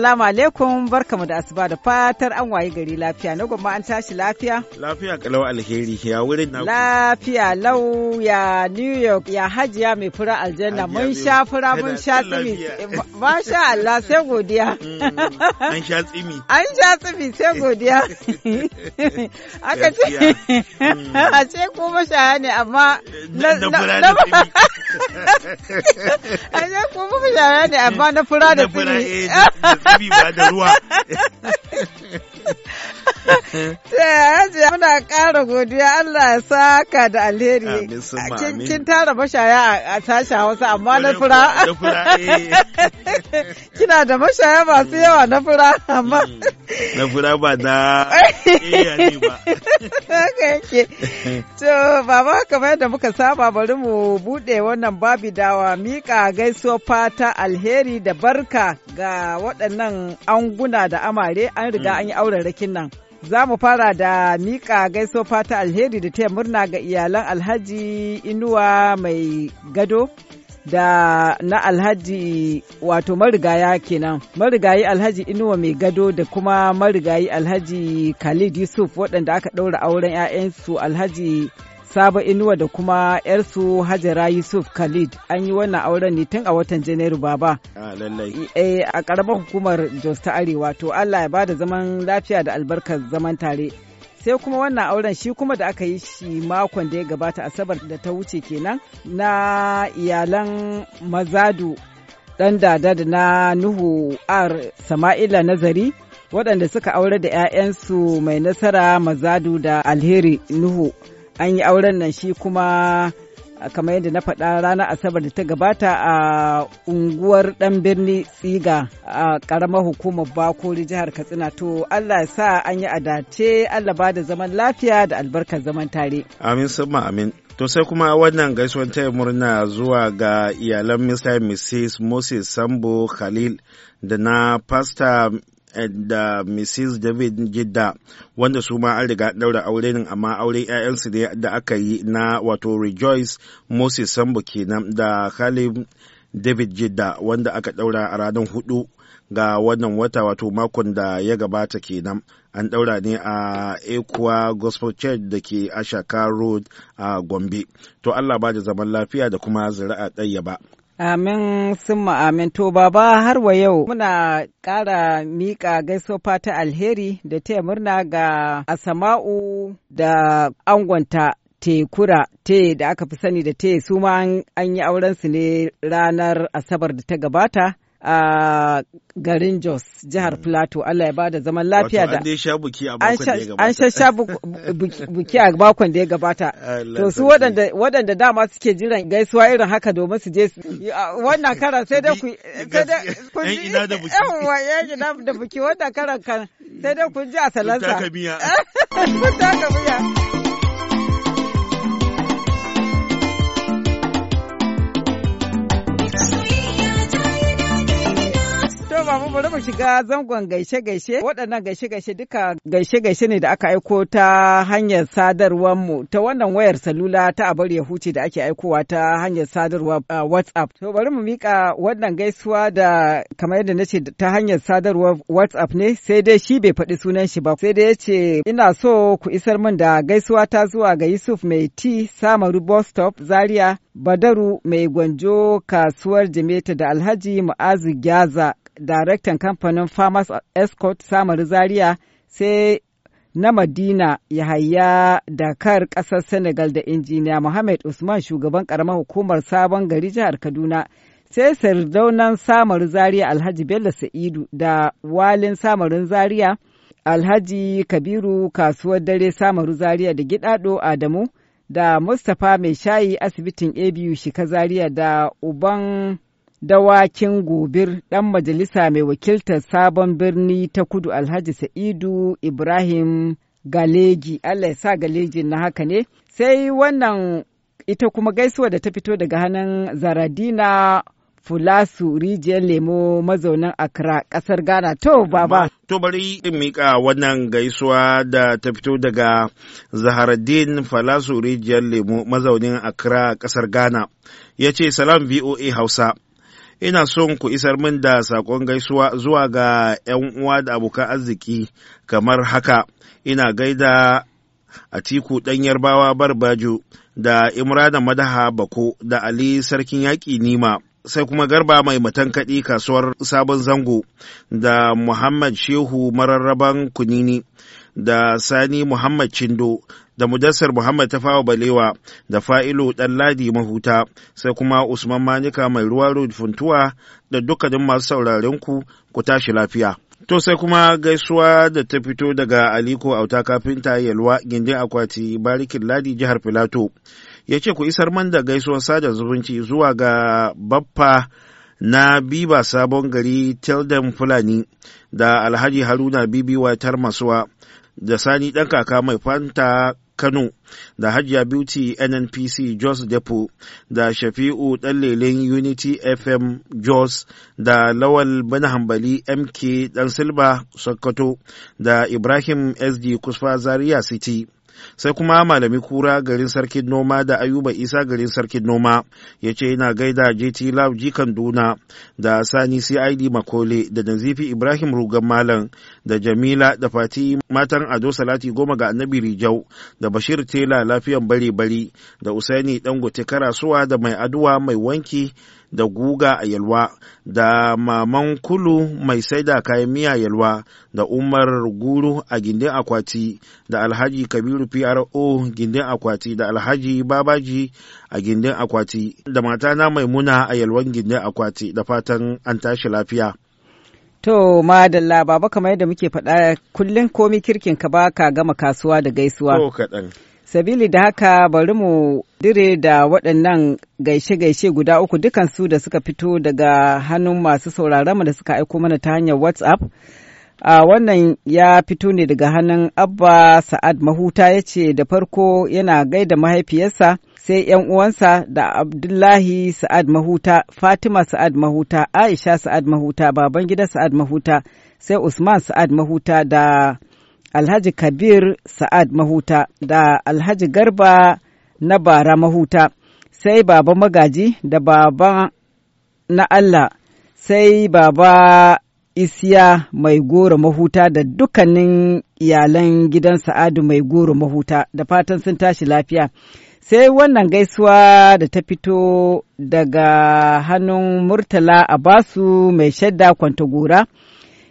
Assalamu alaikum barkamu da asuba da fatar an wayi gari lafiya na gwamma an tashi lafiya. Lafiya kalau alheri ya wurin na Lafiya lau ya New York ya hajiya mai fura aljanna mun sha fura mun sha tsimi. Eh, masha Allah sai godiya. Mm, an sha tsimi. An sha tsimi sai godiya. Aka ce a ce ko mashaya ne amma na fura da tsimi. A ce ko mashaya ne amma na fura da tsimi. Eh, bi ba da ruwa Eh, Hajiya muna ƙara godiya Allah ya saka da alheri. Kin tara mashaya a tasha wasu amma na fura. Eh. Kina da mashaya masu yawa na fura amma. Hmm, na fura ba da ba. To baba kamar yadda muka saba bari mu buɗe wannan babi dawa miƙa gaisuwa fata alheri da barka ga waɗannan anguna da amare an riga hmm. an yi auren rakin nan. Za mu fara da miƙa gaiso fata alheri da taya murna ga iyalan Alhaji Inuwa mai gado da na Alhaji wato marigaya kenan. Marigayi Alhaji Inuwa mai gado da kuma marigayi Alhaji Khalid Yusuf waɗanda aka ɗaura auren 'ya'yansu Alhaji Saba Inuwa da kuma ‘yarsu Hajara Yusuf Khalid an yi wannan auren ne tun a watan Janairu baba. Ah, eh, a ƙaramar hukumar Jos ta Arewa to Allah ya ba da zaman lafiya da albarkar zaman tare. Sai kuma wannan auren shi kuma da aka yi shi makon da ya gabata Asabar da ta wuce kenan na iyalan Mazadu ɗan dada da na Nuhu R Sama'ila Nazari. waɗanda suka aure da 'ya'yansu mai nasara mazadu da alheri nuhu an yi auren nan shi kuma kamar yadda na faɗa ranar asabar da ta gabata a unguwar ɗan birni tsiga a ƙaramar hukumar bakori jihar katsina to allah sa an yi adace allah ba da zaman lafiya da albarkar zaman tare amin sama amin to sai kuma wannan gaisuwan taya murna zuwa ga iyalan mr mrs moses sambo khalil da na pastor Eh, da Mrs. David Jidda wanda su ma an riga daura aure ne amma aure 'ya'yansu ne da aka yi na wato Rejoice Moses Sambo kenan da Khalid David Jidda wanda aka daura a ranar hudu ga wannan wata wato makon da ya gabata kenan an daura ne a Ekuwa Gospel Church da ke Ashaka Road a Gombe. To Allah ba da zaman lafiya da kuma zira'a ɗayyaba. ba. Amin sun amin to baba har wa yau muna ƙara miƙa gaisofa ta alheri da taya murna ga Asama'u da angonta tekura te da aka fi sani da te su ma an yi auren su ne ranar asabar da ta gabata a garin Jos jihar mm. Plateau Allah ya bada zaman lafiya da an sha buki a bakon da ya gabata to su waɗanda dama suke jiran gaisuwa irin haka domin su je wannan karan sai dai ku sai dai ji da buki wannan karan kan sai dai kun ji a salansa kun taka miya mu shiga zangon gaishe-gaishe waɗannan gaishe-gaishe duka gaishe-gaishe ne da aka aiko ta hanyar sadarwar mu ta wannan wayar salula ta abar ya huce da ake aikowa ta hanyar sadarwa whatsapp to bari mu mika wannan gaisuwa da kamar yadda na ce ta hanyar sadarwar whatsapp ne sai dai shi bai faɗi sunan shi ba sai dai ya ce ina so ku isar min da gaisuwa ta zuwa ga yusuf mai ti samaru bus stop zaria badaru mai gwanjo kasuwar jimeta da alhaji mu'azu gyaza daraktan kamfanin farmers escort samari zaria sai na madina yahaya dakar kasar senegal da injiniya Mohamed usman shugaban karamar hukumar sabon gari jihar kaduna sai sardaunan samar zaria alhaji bello sa'idu da walin samarin zaria alhaji kabiru kasuwar dare samari zaria da gidado adamu da mustapha mai shayi asibitin abu shika zaria da uban dawakin gobir ɗan majalisa mai wakiltar sabon birni ta kudu alhaji sa'idu ibrahim galeji allah ya sa galeji na haka ne sai wannan ita kuma gaisuwa da ta fito daga hannun zaradina fulasu rijiyar lemo mazaunin Accra kasar Ghana to baba. To bari in mika wannan gaisuwa da ta fito daga Zaharaddin fulasu rijiyar lemo mazaunin akra kasar Ghana ya ce salam VOA Hausa. ina son ku isar min da saƙon gaisuwa zuwa ga 'yan uwa da abokan arziki kamar haka ina gaida a tiku ɗan yarbawa barbajo da imrana madaha bako da ali sarkin yaƙi nima sai kuma garba mai matankaɗi kasuwar sabon zango da muhammad shehu mararraban kunini da sani muhammad cindo. da mudassar muhammad ta fawa balewa da fa'ilu Ladi mahuta sai kuma usman manika mai ruwa funtuwa da dukkanin masu sauraren ku ku tashi lafiya to sai kuma gaisuwa da ta fito daga aliko auta kafinta yalwa gindin akwati barikin ladi jihar filato ya ce ku isar man da gaisuwar sada zumunci zuwa ga baffa na biba sabon gari Tilden fulani da alhaji haruna bibi watar masuwa da sani ɗan kaka mai fanta kano da hajiya beauty nnpc jos depo da shafi'u ɗan lelen unity fm jos da lawal bana hambali mk ɗan silba sokoto da ibrahim sd kusfa zaria city sai kuma malami kura garin sarkin noma da ayuba isa garin sarkin noma ya ce yana gaida jt lab jikan duna da sani cid makole da nazifi ibrahim rugan malam da jamila da fati matan ado salati goma ga annabi rijau da bashir tela lafiyan bare bari da usaini dangote karasuwa da mai aduwa mai wanki da guga a yalwa da maman kulu mai saida kayan miya yalwa da umar guru a gindin akwati da alhaji kabiru pro gindin akwati da alhaji babaji a gindin akwati da matana maimuna a yalwan gindin akwati da fatan an tashi lafiya To madalla baba kamar yadda muke faɗa kullum komi kirkin ka ba ka gama kasuwa da gaisuwa. Ko kaɗan. Sabili da haka bari mu dire da waɗannan gaishe-gaishe guda uku dukansu da suka fito daga hannun masu sauraronmu da suka aiko mana ta hanyar WhatsApp. A wannan ya fito ne daga hannun Abba Sa'ad Mahuta ya ce da farko yana gaida mahaifiyarsa sai 'yan uwansa da Abdullahi Sa'ad Mahuta, Fatima Sa'ad Mahuta, Aisha Sa'ad Mahuta, Babangida Sa'ad Mahuta, sai Usman Sa'ad Mahuta da Alhaji Kabir Sa'ad Mahuta da Alhaji Garba na Bara Mahuta, sai Baba Magaji da Baba na Allah, sai Baba Isiya Mai Goro Mahuta da dukkanin iyalan gidan Sa'adu Mai Goro Mahuta da fatan sun tashi lafiya. sai wannan gaisuwa da ta fito daga hannun murtala a basu mai shadda gora.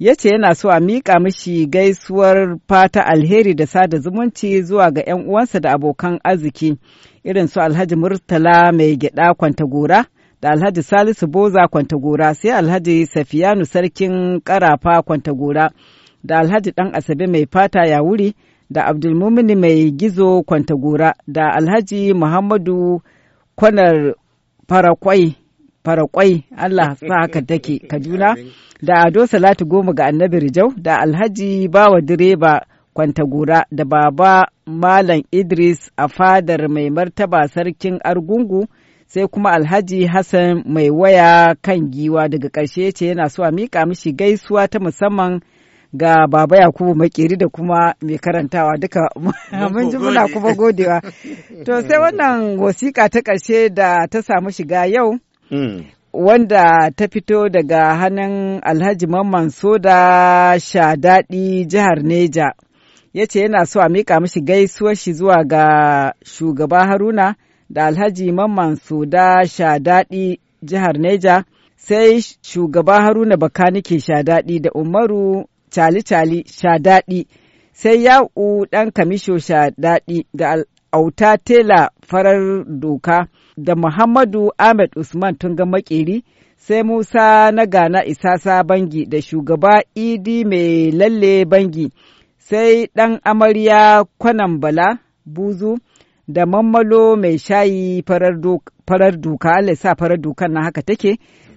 ya ce yana so a miƙa mishi gaisuwar fata alheri da sada zumunci zuwa ga 'yan uwansa da abokan arziki irin su alhaji murtala mai gyada kwantagora da alhaji salisu boza kwantagora sai alhaji safiyanu sarkin karafa kwantagora da alhaji dan asabe mai fata ya wuri da abdulmumini mai gizo kwantagora da alhaji muhammadu kwanar farakwai farakwai Allah sa haka take Kaduna da Ado Salatu Goma ga Annabi Rijau da Alhaji Bawa Direba Kwantagura da Baba Malam Idris a fadar mai martaba sarkin Argungu sai kuma Alhaji Hassan mai waya kan giwa daga ƙarshe ce yana so a miƙa mishi gaisuwa ta musamman ga Baba Yakubu Makeri da kuma mai karantawa duka mun ji muna kuma godewa. To sai wannan wasiƙa ta ƙarshe da ta samu shiga yau. Mm. wanda ta fito daga hannun alhaji mamman soda shadaɗi jihar neja ya ce yana so a miƙa mashi gaisuwar shi zuwa ga shugaba haruna da alhaji mamman soda shadaɗi jihar neja sai shugaba haruna bakanike shadaɗi da umaru cali-cali shadaɗi sai ya'u ɗan kamisho shadaɗi da auta tela farar doka da muhammadu ahmed usman tun ga makeri sai musa na gana isasa bangi da shugaba idi mai lalle bangi sai ɗan amarya kwanan bala buzu da mammalo mai shayi farar duka Allah sa farar dukan na haka take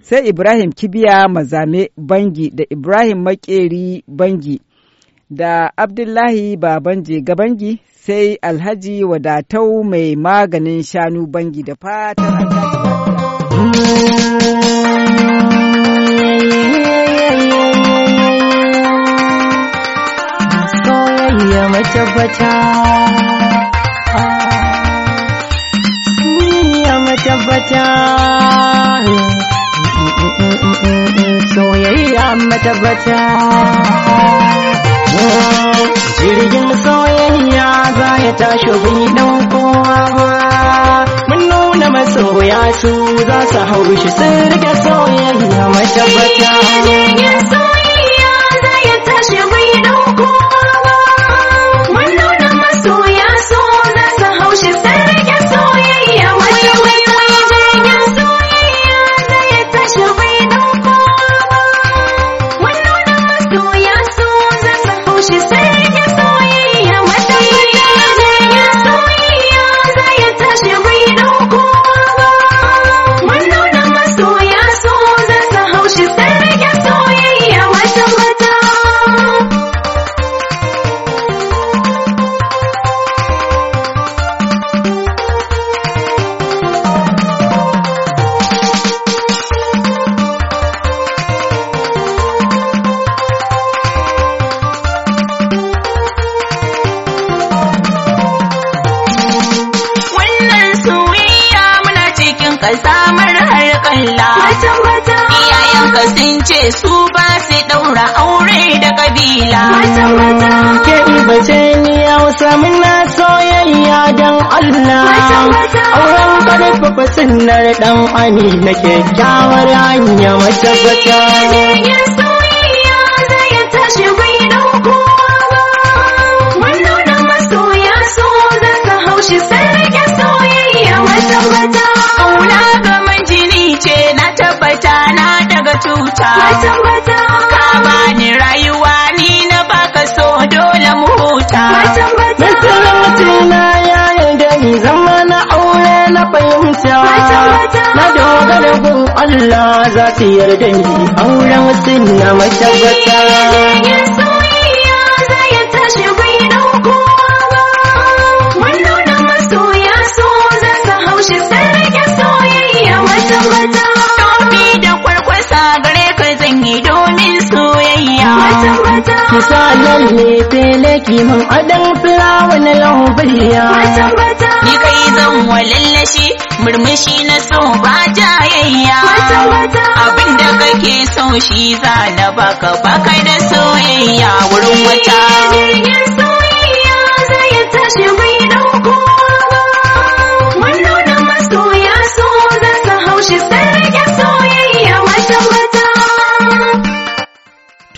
sai Ibrahim Kibiya mazame bangi da Ibrahim Makeri bangi da Abdullahi ga bangi sai alhaji wadatau mai maganin shanu bangi da fata Soyayya matabbata matabbata soyayya jirgin tashi bai dan kowa ba mun nuna masoya su za su haushi sun rike soyayya matabbata ka samar har kalla iyayen ka sun ce su ba su daura aure da kabila ke ibace ni hausa muna soyayya don Allah auren karfafa sunnar dan amina kyakkyawar hanya tashi da masoya so zaka haushi soyayya ce na tabbata na daga tuta ka bani rayuwa ni na baka so dole mu huta nasara mutuna ya yarda ni zama na aure na fahimta na dogara gun Allah za su yarda ni auren wasu na Tofi da kwarkwasa gare ka yi domin soyayya. Ka sa lalle fele kiman adan fulawa na lambaliya. Ni kai zan wa murmushi na so ba jayayya. Abin da kake so shi za na ba baka da soyayya wurin wata.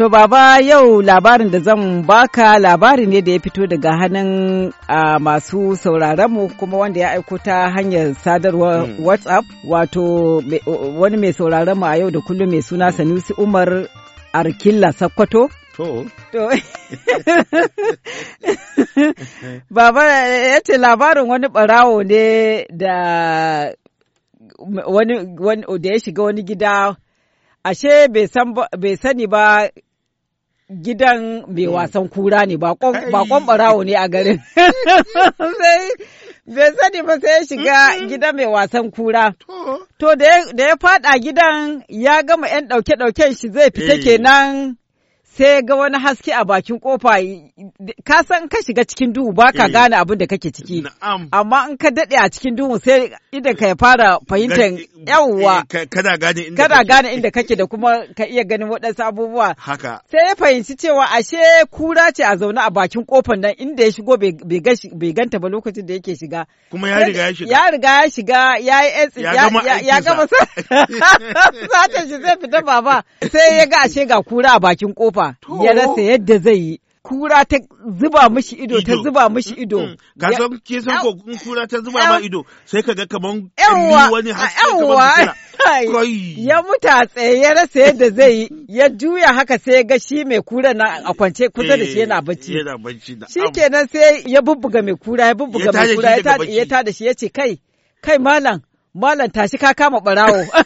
To baba yau labarin da zan baka labari ne da ya fito daga hannun uh, masu sauraronmu kuma wanda ya aiko ta hanyar sadarwar mm. WhatsApp wato wani mai sauraronmu a yau da kullum mai suna hmm. Sanusi Umar Arkilla Sakkwato. To. Baba ya ce labarin wani barawo ne da ya shiga wani gida ashe bai sani ba gidan mai mm. wasan kura ne bakon barawo ne a garin bai sani ba sai ya shiga mm-hmm. gidan mai wasan kura to da ya fada gidan ya gama 'yan ɗauke-ɗauken shi zai fita eh. kenan sai ga wani haske a bakin kofa ka san ka shiga cikin duhu ba ka eh. gane abin da kake ciki amma in ka daɗe a cikin duhu sai idan ka ya fara fahimtar eh, yawwa eh, kada gane inda kake da kuma ka iya ganin waɗansu abubuwa sai ya fahimci cewa ashe kura ce a zaune a bakin kofar nan inda ya shigo bai ganta ba lokacin da yake shiga kuma ya riga ya shiga ya riga ya shiga ya yi ya gama sa shi zai fita baba sai ya ga ashe ga kura a bakin kofa ya rasa yadda zai yi. Kura ta zuba mishi ido, ta zuba mishi ido. Ka san ke san ko kura ta zuba ma ido sai ka ga kaman wani haske kaman ya muta tsaye ya rasa yadda zai yi ya juya haka sai ya ga shi mai kura na a kwance kusa da shi eh, yana bacci shi kenan sai ya bubbuga mai kura ya bubbuga mai kura ya tada shi ya ce kai kai malam malam tashi ka kama barawo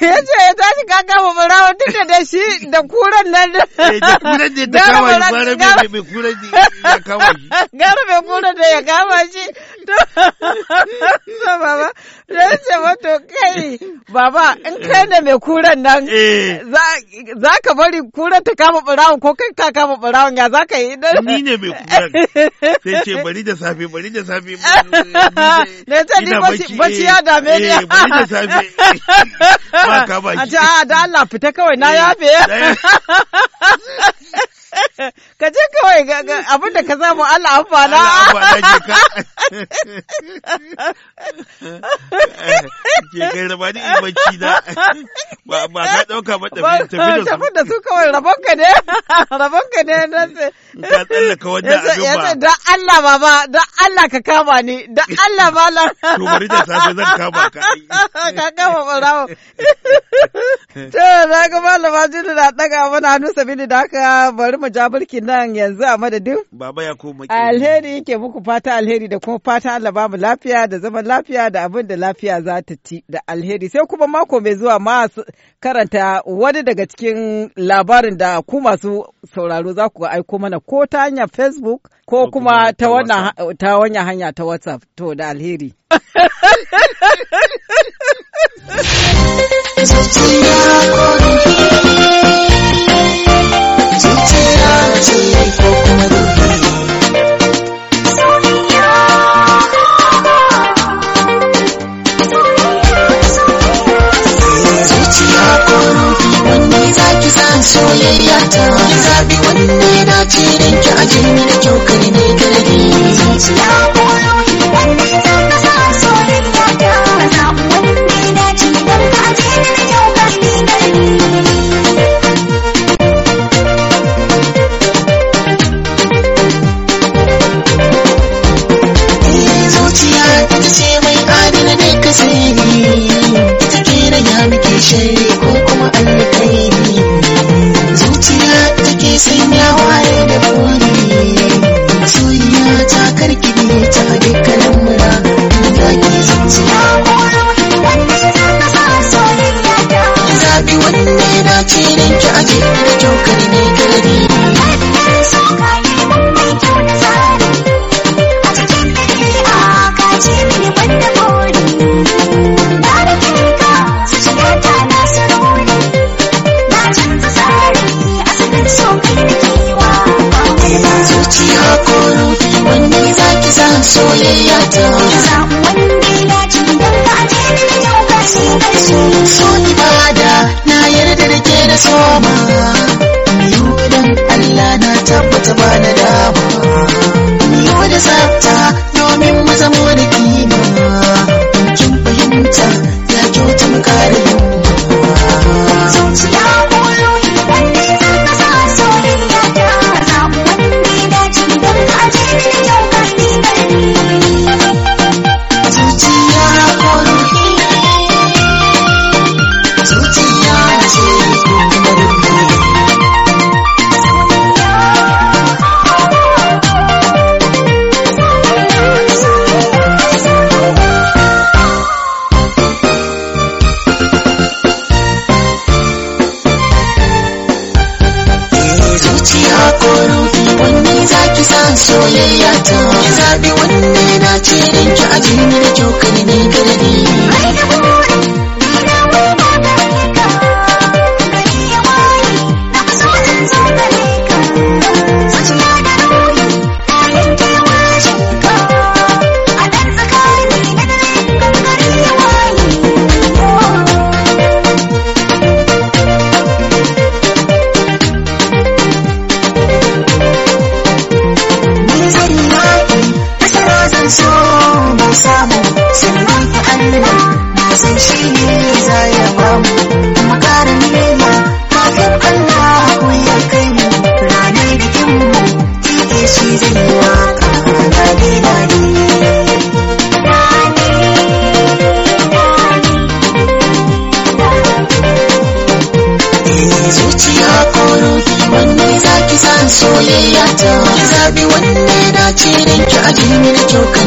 yace ya tashi kaka ba murawa duka da shi da kuran nan eh, da kuran da ta kama shi mai kuran da ya kama shi gara mai kuran da ya kama shi ba baba zan ce wato kai baba in kai ne mai kuran nan eh. za ka bari kuran ta kama barawon ko kai ka kama barawon ya za ka yi dan ni ne mai kuran sai ce bari da safe bari da safe ne ta ni bacci ya dame ni eh, bari da safe ba ka baki a ce a ah, da Allah fita kawai na eh, yafe Ka je kawai abin da ka samu Allah amfana. Ke kai raba ni in bacci na. Ba ka ɗauka ba tafi da su. Tafi da su kawai rabon ka ne. Rabon ka ne. Ka tsallaka wannan abin ba. Dan Allah baba, dan Allah ka kama ni, dan Allah malam. To bari da safe zan kama ka. Ka kama rawo. To na ga malama jini na ɗaga mana hannu sabili da haka bari mu ja nan yanzu a madadin. Baba ya Alheri yake muku fata alheri da kuma fata Allah ba mu lafiya da zaman lafiya da abin da lafiya za ta ci da alheri. Sai kuma mako mai zuwa ma karanta wani daga cikin labarin da ku masu sauraro za ku aiko mana ko ta hanyar Facebook ko kuma ta wannan hanya ta WhatsApp to da alheri. Zuciya ko to me for this woman. soyayya ta ki zabi san shi ne za ya ba mu mu ƙara kafin Allah ya kai mu ranar bikin mu tike shi zai yi waka na dadi zuciya ko ruhi wanne za ki san soyayya ta zabi wanne dace dan ki aji mini kyau